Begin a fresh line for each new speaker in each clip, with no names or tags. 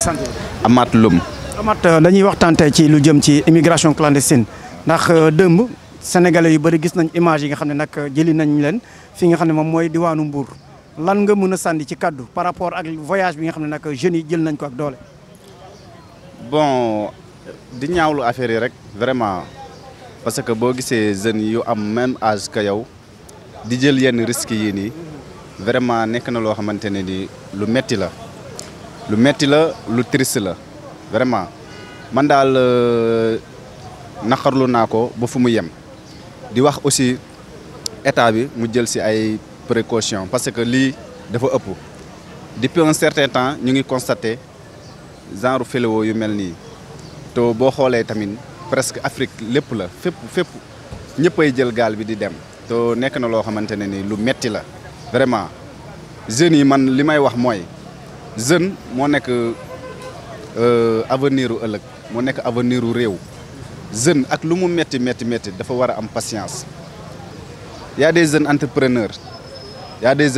sant Amath Loum.
Amath euh, dañuy waxtaan ci lu jëm ci immigration clandestine ndax euh, dëmb sénégalais yu bari gis nañ image yi nga xam ne nag euh, jëli nañ leen fi nga xam ne moom mooy diwaanu Mbour lan nga mën a sànni ci kàddu par rapport ak voyage bi nga xam ne nag jeunes yi jël nañ ko ak doole.
bon di ñaawlu affaire yi rek vraiment parce que boo gisee jeunes yu am même age que yow. di jël yenn risques yii nii vraiment nekk na loo xamante ne ni lu metti la lu metti la lu triste la vraiment man daal euh, naqarlu naa ko ba fu mu yem di wax aussi état bi mu jël si ay précaution parce que lii dafa ëpp depuis un certain temps ñu ngi constaté genre fléau yu mel nii te boo xoolee tamit presque Afrique lépp la fépp fépp ñëppay jël gaal bi di dem te nekk na loo xamante ne ni lu metti la vraiment jeunes yi man li may wax mooy jeune moo nekk euh, avenir ëllëg moo nekk avenir u réew jeune ak lu mu metti metti metti dafa war a am patience yaa a des jeunes entrepreneurs y a des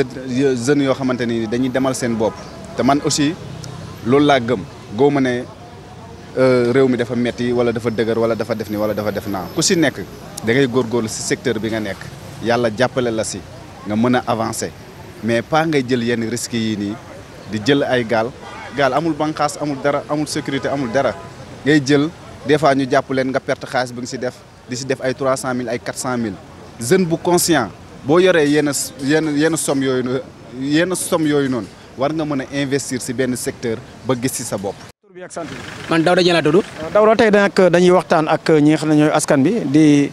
jeunes yoo xamante ni dañuy demal seen bopp te man aussi loolu laa gëm goo ma ne euh, réew mi dafa metti wala dafa dëgër wala dafa def ni wala dafa def naa ku si nekk da ngay góorgóorlu si secteur bi nga nekk yalla jàppale la ci nga mën avancer mais pa nga jël yenn risque yi ni di jël ay gal gal amul bankas amul dara amul sécurité amul dara ngay jël des fois ñu japp leen nga perte xaliss bu ngi ci def di ci def ay 300000 ay 400000 jeune bu conscient bo yoré yenn yenn yenn somme yooyu yenn somme yoy non war nga investir si ben secteur ba gis ci sa bop man Daouda
Dieng laa tudd. tay nak dañuy waxtaan ak ñi xamna ñoy askan bi di.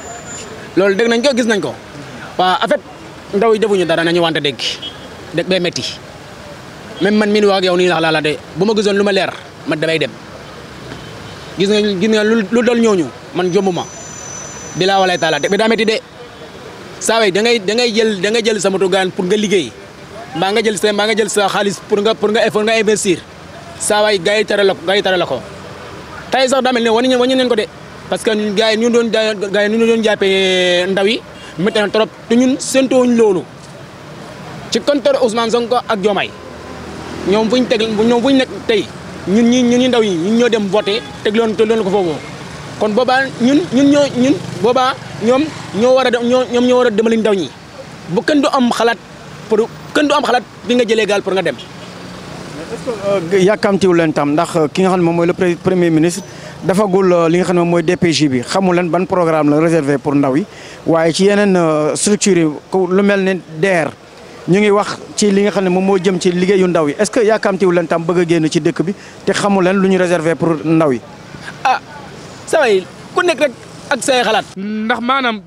lol deg nañ ko gis nañ ko wa en fait ndaw yi defuñu dara nañu wante deg deg be metti même man min waak yow ni la la de buma luma damay dem gis nga gis nga lu dol ñooñu man jombuma bila walay taala dégg be da metti de saa way da ngay da ngay jël da ngay jël sa moto gan pour nga liggey mbaa nga jël sa nga jël sa xaliss pour nga pour nga effort nga investir way sax da melni wani ko de parce que gars yi ñu doon gars yi ñu doon jàppee ndaw yi métti na trop te ñun ñu lolu ci kontor Ousmane Sonko ak Diomaye ñom fuñu ñu ñom ñoom nek tay ñun ñi ñi ndaw yi ñun ñoo dem voter teg loon te loon ko fofu kon boba ñun ñun ñoo ñun boba ñom ñoo wara a ñoom ñoo wara a demali ndaw ñi bu kenn du am xalat pour kenn du am xalat bi nga jëlee gal pour nga dem. mais
est-ce que euh, yakamti wu len tam ndax ki nga xam mom moy le premier ministre. dafagul euh, li nga xam ne mooy DPJ bi xamul lan ban programme la réservé pour ndaw yi waaye ci yeneen euh, structure yi lu mel ne DER ñu ngi wax ci li nga xam ne moom moo jëm ci liggéeyu ndaw yi est-ce que yaakamtiwu leen tam bëgg a génn ci dëkk bi te xamul lan lu ñu réservé pour ndaw yi.
ah saa yi ku nekk rek ak say xalaat. ndax maanaam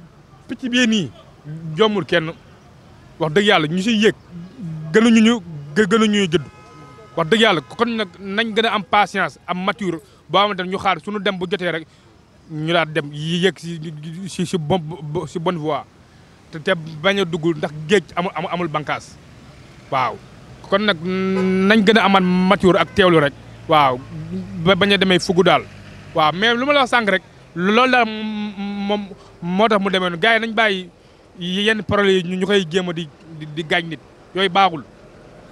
picc bii nii jombul kenn wax dëgg yàlla ñu siy gën gënuñu ñu gënuñu ñu jëdd wax dëgg yàlla kon nag nañ gën a am patience am mature. boo xamante ne ñu xaar suñu dem bu jotee rek ñu daal dem yek si si si bon si bonne voie té baña duggul ndax geej amul amul bankas waaw. kon nak nañ gëna amal mature ak téwlu rek waaw baña démé fugu dal waaw mais luma la wax sang rek lool la mom motax tax mu demee noonu gars yi nañ bàyyi yenn parole yi ñu koy jëma di di gañ nit yoy baaxul.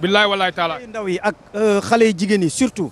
billahi wallahi taala ndaw yi ak euh, xalé jigéen yi surtout.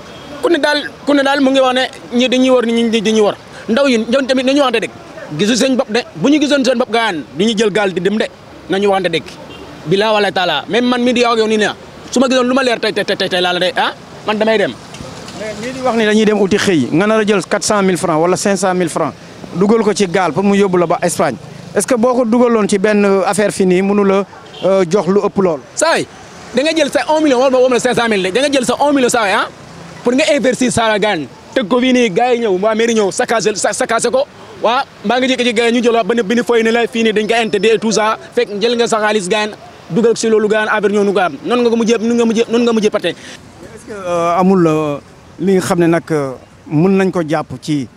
ku ne daal ku ne daal mu ngi wax ne ñi dañuy war ñi dañuy war ndaw yi ñoom tamit nañu waxante dëgg gisu seen bopp de bu gisoon seen bopp gaan du jël gaal di dem de nañu waxante dëgg bila wala taala même man mi di yow ak yow nii na su ma gisoon lu leer tey tey tey tey la de ah man damay dem
ñi di wax ni dañuy dem uti xëy nga nar a jël 400 000 francs wala 500 000 francs dugal ko ci gaal pour mu yóbbu la ba Espagne est ce que boo ko dugaloon ci benn euh, affaire fii nii mënu la euh, jox lu ëpp lool.
say da nga jël sa 1 million wala ma da nga jël sa 1 million saay ah pour nga investir Saragan teg ko fii nii gars yi ñëw waa mairie ñëw saccagé saccagé ko waa maa ngi jékki-jékki ñu jël benn benn fooy ne la fii nii dañ ko interdit et tout ça fekk jël nga sa xaalis gaan dugal si loolu gaan affaire ñoo nu ko am noonu nga ko mujjee noonu nga mujjee noonu nga mujjee pate. est-ce
euh, amul euh, li nga xam ne nag euh, mun nañ ko jàpp ci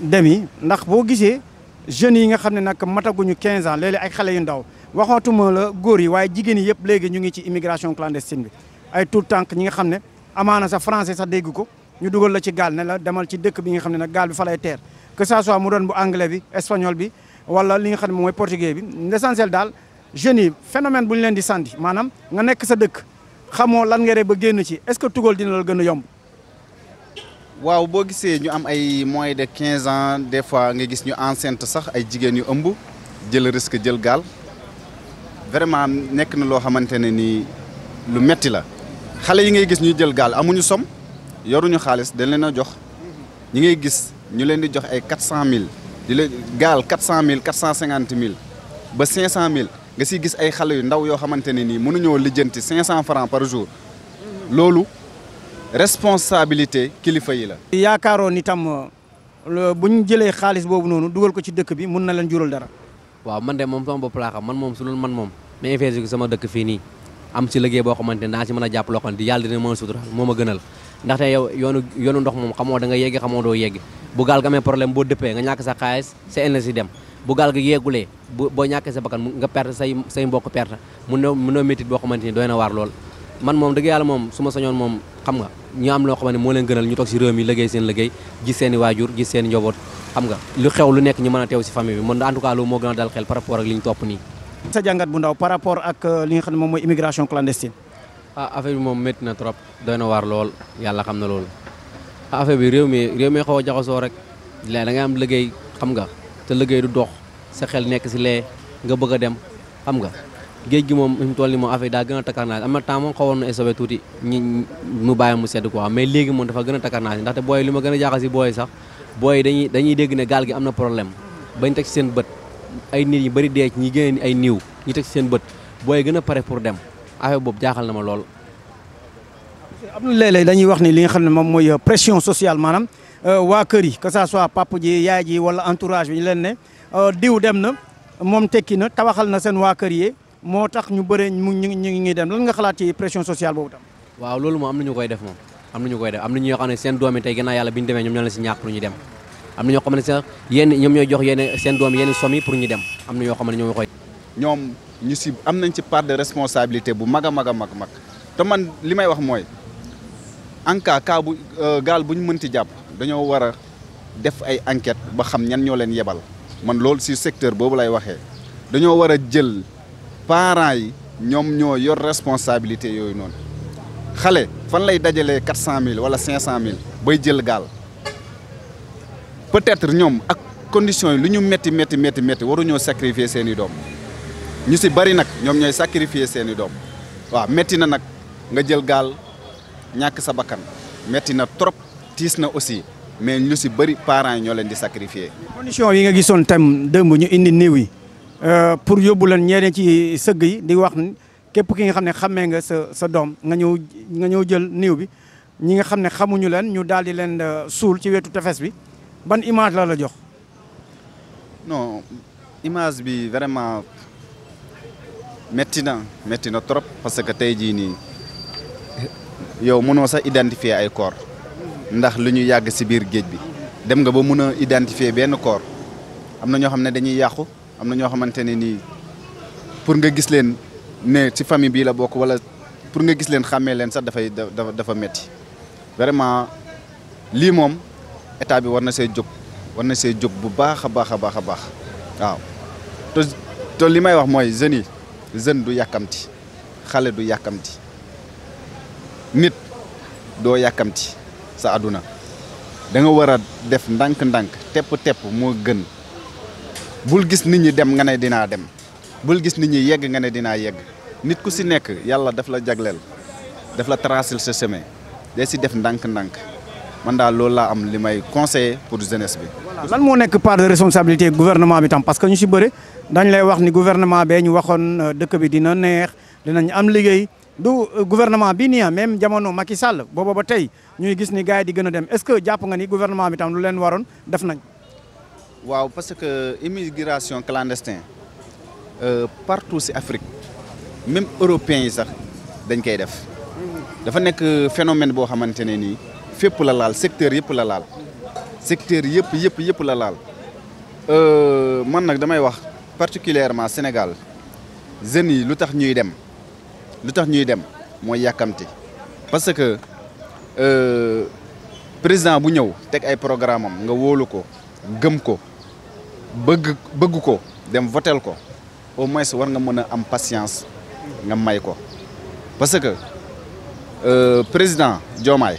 demi ndax boo gisee jeunes yi nga xam ne nag mataguñu 15 ans léeg ay xale yu ndaw waxootuma la góor yi waaye jigéen yi yëpp léegi ñu ngi ci immigration clandestine bi ay tout tànk ñi nga xam ne amaana sa français sa dégg ko ñu dugal la ci gaal ne la demal ci dëkk bi nga xam ne nag gaal bi fa teer que ça soit mu doon bu anglais bi espagnol bi wala li nga xam ne mooy portugais bi l'essentiel daal jeunes yi phénomène bu ñu leen di sandi maanaam nga nekk sa dëkk xamoo lan nga re ba génn ci est-ce que tugal dina la gën a yomb.
waaw boo gisee ñu am ay moins de quinze ans des fois nga gis ñu enceinte sax ay jigéen yu ëmb jël risque jël gaal vraiment nekk na loo xamante ne ni lu metti la. xalé yi ngay gis ñu jël gal amuñu som yoruñu xaaliss dañ leena jox ñi ngay gis ñu leen di jox ay 400000 di le gal 400000 450000 ba 500000 nga ci gis ay xalé yu ndaw yo xamanteni ni mënu ñoo lijeenti 500 francs par jour lolu responsabilité kilifa yi la. yaakaaro ni bu buñu jëlé xaaliss bobu nonu
duggal ko ci dëkk bi mun na leen jural dara.
waaw man dé mom sama bop la xam man mom su man mais ma ko sama dëkk fi ni am si liggéey boo xamante ne si mën a jàpp loo xamante yàlla dina mën a sutural moo ma gënal ndaxte yoonu ndox moom xamoo da nga yeggi xamoo doo yeggi bu gaal ga amee problème boo dëppee nga ñàkk sa xaalis sa énergie dem bu gaal ga yeegulee boo ñàkkee sa bakkan nga perte say say mbokk perte mun na mun boo xamante ni doy na waar lool man moom dëgg yàlla moom su ma sañoon moom xam nga ñu am loo xamante moo leen gënal ñu toog si réew mi liggéey a teew si a dal xel par rapport ak li sa jàngat bu ndaw par rapport ak euh, li nga xam ne moom mooy immigration clandestine. ah affaire bi moom métti na trop doy na waar lool yàlla xam na loolu ah affaire bi réew mi réew mi xaw a jaxasoo rek léegi da ngay am liggéey xam nga te liggéey du dox sa nekk si lee nga bëgg a dem xam nga géej gi moom fi mu toll nii moom affaire yi daa gën a takkarnaas am na temps moom xawoon na sauvé tuuti ñi mu bàyyi mu sedd quoi mais léegi moom dafa gën a takkarnaas ndaxte booy li ma gën a jaaxal si booy sax booy dañuy dañuy dégg ne gaal gi am na problème bañ teg seen bët. ay nit ñi bëri dee ñi gën ay niiw ñi teg seen bët booy gën a pare pour dem affaire boobu jaaxal na ma lool.
am na ñu léeg dañuy ni li nga xam ne moom mooy euh, pression sociale maanaam euh, waa kër yi que ñu leen ne euh, diw na yi moo tax ñu bëree mu ñu ñu ngi dem lan nga xalaat ci pression sociale boobu tam.
waaw loolu moom am na ñu koy def moom am na ñu koy def am na ñoo xam seen doom yi tey gannaaw yàlla bi ñu demee ñoom ñoo la si ñàkk lu ñu dem. am na ñoo xam ne sax ñoom ñooy jox yenn seen doom yenn somme pour ñu dem am na ñoo xam ne ñoo koy. ñoom ñu si am nañ ci part de
responsabilité bu mag a mag a mag mag te man li may wax mooy en cas cas bu euh, gaal bu ñu mënti jàpp dañoo war a def ay enquête ba xam ñan ñoo leen yebal man loolu si secteur boobu lay waxee dañoo war a jël parents yi ñoom ñoo yor responsabilité yooyu noonu xale fan lay dajalee quatre cent mille wala cinq cent mille bay jël gaal. peut-être ñom ak condition lu ñu metti metti metti waru ñoo sacrifier seen doom ñu ci bari nak ñom ñoy sacrifier seen doom wa metti na nak nga jël gal ñak sa bakkan metti na trop tiis na aussi mais ñu ci bari parents ñoo leen di sacrifier.
condition yi nga gisoon tam démb ñu indi newi euh pour yobul lan ñeene ci seug yi di wax képp ki nga xam xamé nga sa sa doom nga ñëw nga ñëw jël néew bi ñi nga xam xamuñu ñu dal di leen euh, sul ci wetu tafess bi. ban image la la jox.
non image bi vraiment métti na métti na trop parce que tey jii nii yow mënoo sax identifier ay corps ndax lu ñu yàgg si biir géej bi dem nga ba mun a identifier benn koor am na ñoo xam ne dañuy yàqu am na ñoo xamante ne nii pour nga gis leen ne ci famille bii la bokk wala pour nga gis leen xàmmee leen sax dafay dafa dafa métti vraiment lii moom. état bi war na see jóg war na see jóg bu baax a baax a baax a baax waaw te te li may wax mooy jeunes yi jeune du yàkkamti xale du yàkkamti nit doo yàkkamti sa àdduna danga nga war a def ndànk-ndànk tepp-tepp moo gën bul gis nit ñi dem nga ne dinaa dem bul gis nit ñi yegg nga ne dinaa yegg nit ku si nekk yàlla daf la jagleel daf la tracer sa chemin day si def ndànk-ndànk man daal loolu laa am limay may conseiller pour jeunesse bi.
lan mo nek part de responsabilité gouvernement bi tam parce que ñu si bëri dañ lay wax ni gouvernement bee ñu waxone euh, dëkk bi dina neex dinañ am liguey du euh, gouvernement bi ni ah, même jamono Macky Sall bobo ba tay ñuy gis ni gaay di gëna dem est-ce que japp nga ni gouvernement bi tam lu leen waroon def nañ.
waaw parce que immigration clandestine euh, partout c'est Afrique même européens yi sax dañ koy def. Mm-hmm. dafa nek phénomène bo xamantene ni pour la l'alal, secteur yep la secteur yep yep la euh, man damay wax particulièrement Sénégal jeunes dem ñuy dem parce que euh, président bu ñew programme nga woluko ko dem ko au moins war nga patience ko parce que euh, président Diomaye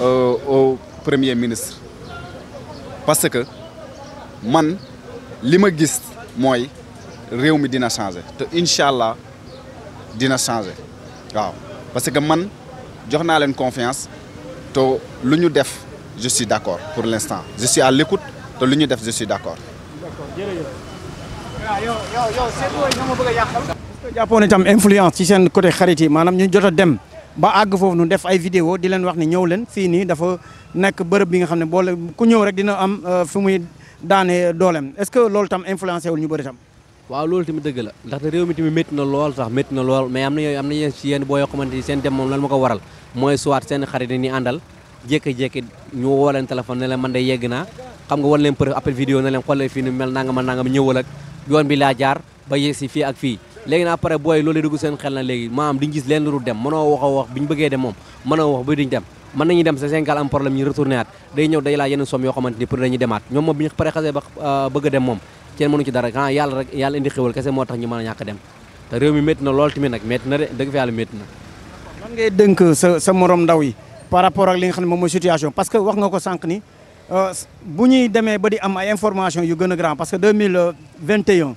euh, au premier ministre parce que man lima ma gis mooy réew mi dina changer te incha dina changer waaw parce que man jox naa confiance te lu ñu def je suis d'accord pour l'instant je suis à l'écoute te lu ñu def je suis d'accord.
d'accord yo, yo. yo, yow yow Seydou ma bëgg a yàqal. est que jàppoon tam influence ci seen côté xarit yi maanaam ñu jot a dem. ba àgg foofu nu def ay vidéo di leen wax ni ñëw leen fii nii dafa nekk bërëb bi nga xam ne boole ku ñëw rek dina am euh, fu muy daane dooleem est-ce que loolu tam influencé wul ñu bëri tam.
waaw loolu tamit dëgg la ndaxte réew mi tamit métti na lool sax métti na lool mais am na yooyu am na ci yenn boo yoo xamante ni seen dem moom lan ma ko waral mooy soit seen xarit ni àndal jékki-jékki ñu woo leen téléphone ne leen man de yegg naa xam nga wan leen preuve appel vidéo ne leen xoolee fii ni mel nangam ak nangam ñëwal ak yoon bi laa jaar ba yegg si ak fii léegi naa pare booy loolu dugg seen xel na léegi maanaam duñ gis leen lu dem mënoo wax a wax bi ñu bëggee dem moom mënoo wax ba duñ dem mën nañu dem sa Sénégal am problème ñu retourné aat day ñëw day laa yeneen somme yoo xamante ni pour demaat ñoom moom bi pare xasee ba euh, bëgg a dem moom kenn mënu ci dara xanaa yàlla rek yàlla indi xéwal kese moo tax ñu mën a ñàkk dem te réew mi métti na lool tamit nag métti na de dëgg fa yàlla métti
na
morom ndaw yi par rapport ak li nga xam ne moom mooy situation parce
que wax nga ko sànq euh, bu ñuy demee ba di am ay information yu gën a parce que 2021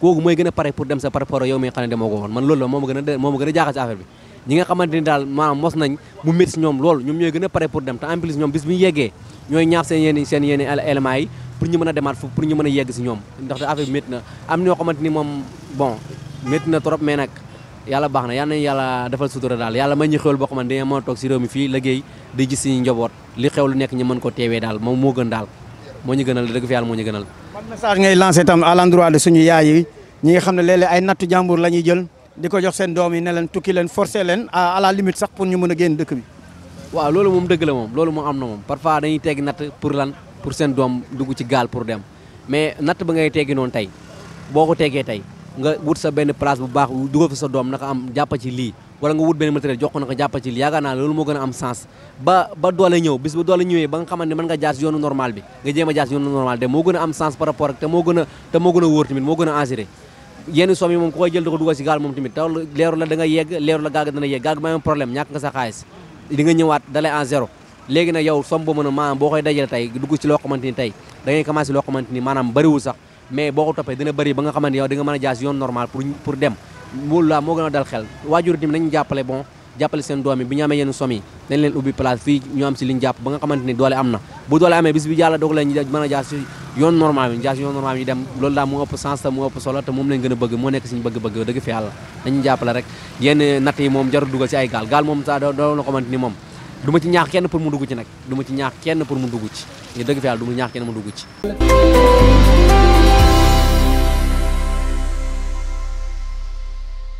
kooku mooy gën a pare pour dem sa par rapport yow mi nga xam ne demoo ko woon man loolu la moo a gën a ñoom loolu ñoom ñooy gën a pare pour dem te en plus ñoom bis bu ñu a demaat a yegg si ñoom ndaxte affaire bi métti na am na trop na yàlla nañu yàlla defal daal yàlla may ñu xewal boo xamante dañu fii liggéey di gis suñu li xew lu nekk ñu ko teewee daal moom moo gën daal moo ñu gënal dëgg fi moo ñu gënal.
ban message ngay lancé tam à l'endroit de suñu yaay yi nga xam ne léeg ay nattu jàmbur la jël di ko jox seen doom yi ne leen tukki leen forcé leen à la limite sax pour ñu mën a génn
dëkk bi. waaw loolu moom dëgg loolu moom am na moom parfois dañuy teggi natt pour lan pour seen doom dugg ci gaal pour dem mais natt ba ngay teggi noon tey boo ko tegee tey nga wut sa benn place bu baax dugal fa sa doom nag am jàppa ci lii wala nga wut benn matériel jox ko na ko jàppa ci yaakaar naa loolu moo gën a am sens ba ba doole ñëw bis ba doole ne a jaar a am sens a te moo gën a wóor tamit moo gën a ko dugal si gaal moom tamit taw leeru la da nga yegg leeru la gaag dana yegg a maanaam boo ba nga xamante yow nga mën a jaar si dem mboolu laa moo gën a dal xel waajur tamit nañu jàppale bon jàppale seen doom yi bi ñu amee yenn somm yi dañ leen ubbi place fii ñu am si liñ jàpp ba nga xamante ni doole am na bu doole amee bis bi yàlla doog leen ñu mën a jaar si yoon normal bi jaar si yoon normal bi ñu dem loolu daal mu ëpp sens ta mu ëpp solo te moom lañ gën a bëgg moo nekk suñu bëgg-bëgg dëgg fi yàlla dañu jàppale rek yenn natt yi moom jarul dugal si ay gaal gaal moom sa doon na xamante ni moom du ma ci ñaax kenn pour mu dugg ci nag du ma ci ñaax kenn pour mu dugg ci dëgg fi yàlla du ma ñaax kenn mu dugg ci